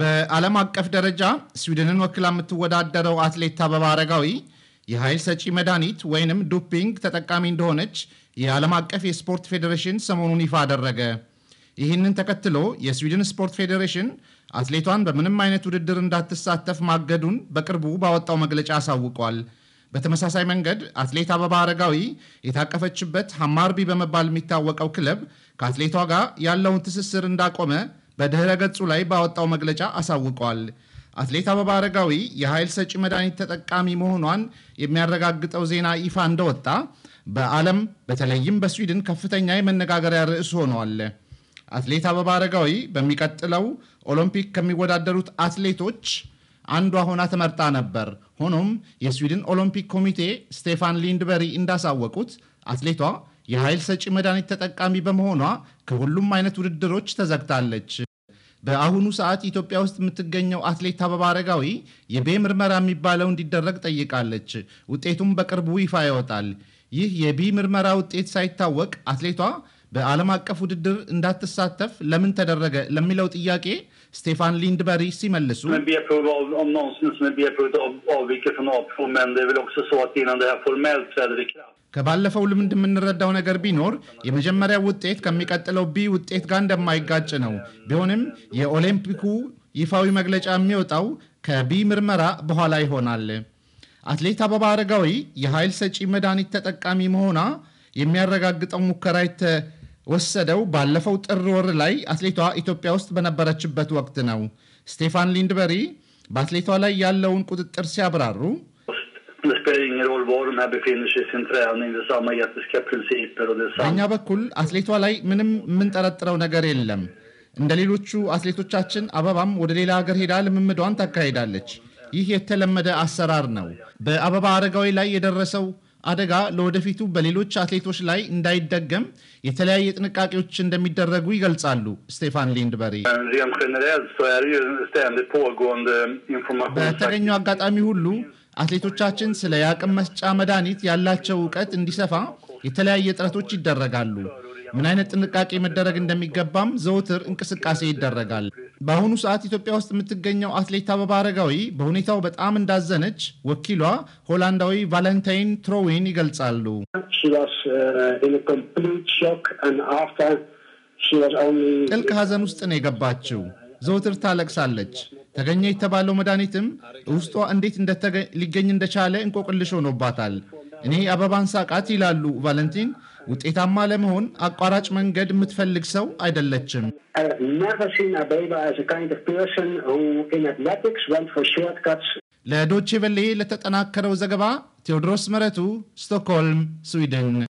በዓለም አቀፍ ደረጃ ስዊድንን ወክላ የምትወዳደረው አትሌት አበባ አረጋዊ የኃይል ሰጪ መድኃኒት ወይንም ዱፒንግ ተጠቃሚ እንደሆነች የዓለም አቀፍ የስፖርት ፌዴሬሽን ሰሞኑን ይፋ አደረገ። ይህንን ተከትሎ የስዊድን ስፖርት ፌዴሬሽን አትሌቷን በምንም አይነት ውድድር እንዳትሳተፍ ማገዱን በቅርቡ ባወጣው መግለጫ አሳውቋል። በተመሳሳይ መንገድ አትሌት አበባ አረጋዊ የታቀፈችበት ሐማርቢ በመባል የሚታወቀው ክለብ ከአትሌቷ ጋር ያለውን ትስስር እንዳቆመ በድህረ ገጹ ላይ ባወጣው መግለጫ አሳውቋል። አትሌት አበባ አረጋዊ የኃይል ሰጪ መድኃኒት ተጠቃሚ መሆኗን የሚያረጋግጠው ዜና ይፋ እንደወጣ በዓለም በተለይም በስዊድን ከፍተኛ የመነጋገሪያ ርዕስ ሆኗል። አትሌት አበባ አረጋዊ በሚቀጥለው ኦሎምፒክ ከሚወዳደሩት አትሌቶች አንዷ ሆና ተመርጣ ነበር። ሆኖም የስዊድን ኦሎምፒክ ኮሚቴ ስቴፋን ሊንድበሪ እንዳሳወቁት አትሌቷ የኃይል ሰጪ መድኃኒት ተጠቃሚ በመሆኗ ከሁሉም አይነት ውድድሮች ተዘግታለች። በአሁኑ ሰዓት ኢትዮጵያ ውስጥ የምትገኘው አትሌት አበባ አረጋዊ የቤ ምርመራ የሚባለው እንዲደረግ ጠይቃለች። ውጤቱም በቅርቡ ይፋ ይወጣል። ይህ የቢ ምርመራ ውጤት ሳይታወቅ አትሌቷ በዓለም አቀፍ ውድድር እንዳትሳተፍ ለምን ተደረገ ለሚለው ጥያቄ ስቴፋን ሊንድበሪ ሲመልሱ ከባለፈው ልምድ የምንረዳው ነገር ቢኖር የመጀመሪያ ውጤት ከሚቀጥለው ቢ ውጤት ጋር እንደማይጋጭ ነው። ቢሆንም የኦሊምፒኩ ይፋዊ መግለጫ የሚወጣው ከቢ ምርመራ በኋላ ይሆናል። አትሌት አበባ አረጋዊ የኃይል ሰጪ መድኃኒት ተጠቃሚ መሆኗ የሚያረጋግጠው ሙከራ የተወሰደው ባለፈው ጥር ወር ላይ አትሌቷ ኢትዮጵያ ውስጥ በነበረችበት ወቅት ነው። ስቴፋን ሊንድበሪ በአትሌቷ ላይ ያለውን ቁጥጥር ሲያብራሩ spelar ingen roll var de här befinner sig i sin träning, det är samma etiska principer och det är samma... በእኛ በኩል አትሌቷ ላይ ምንም የምንጠረጥረው ነገር የለም። እንደ ሌሎቹ አትሌቶቻችን አበባም ወደ ሌላ ሀገር ሄዳ ልምምዷን ታካሂዳለች። ይህ የተለመደ አሰራር ነው። በአበባ አረጋዊ ላይ የደረሰው አደጋ ለወደፊቱ በሌሎች አትሌቶች ላይ እንዳይደገም የተለያየ ጥንቃቄዎች እንደሚደረጉ ይገልጻሉ ስቴፋን ሊንድበሪ። በተገኘው አጋጣሚ ሁሉ አትሌቶቻችን ስለ የአቅም መስጫ መድኃኒት ያላቸው እውቀት እንዲሰፋ የተለያየ ጥረቶች ይደረጋሉ። ምን አይነት ጥንቃቄ መደረግ እንደሚገባም ዘውትር እንቅስቃሴ ይደረጋል። በአሁኑ ሰዓት ኢትዮጵያ ውስጥ የምትገኘው አትሌት አበባ አረጋዊ በሁኔታው በጣም እንዳዘነች ወኪሏ ሆላንዳዊ ቫለንታይን ትሮዊን ይገልጻሉ። uh, ጥልቅ ሐዘን ውስጥ ነው የገባችው። ዘውትር ታለቅሳለች። ተገኘ የተባለው መድኃኒትም ውስጧ እንዴት ሊገኝ እንደቻለ እንቆቅልሽ ሆኖባታል። እኔ አበባን ሳቃት ይላሉ ቫለንቲን። ውጤታማ ለመሆን አቋራጭ መንገድ የምትፈልግ ሰው አይደለችም። ለዶቼ ቬለ ለተጠናከረው ዘገባ ቴዎድሮስ መረቱ፣ ስቶክሆልም፣ ስዊድን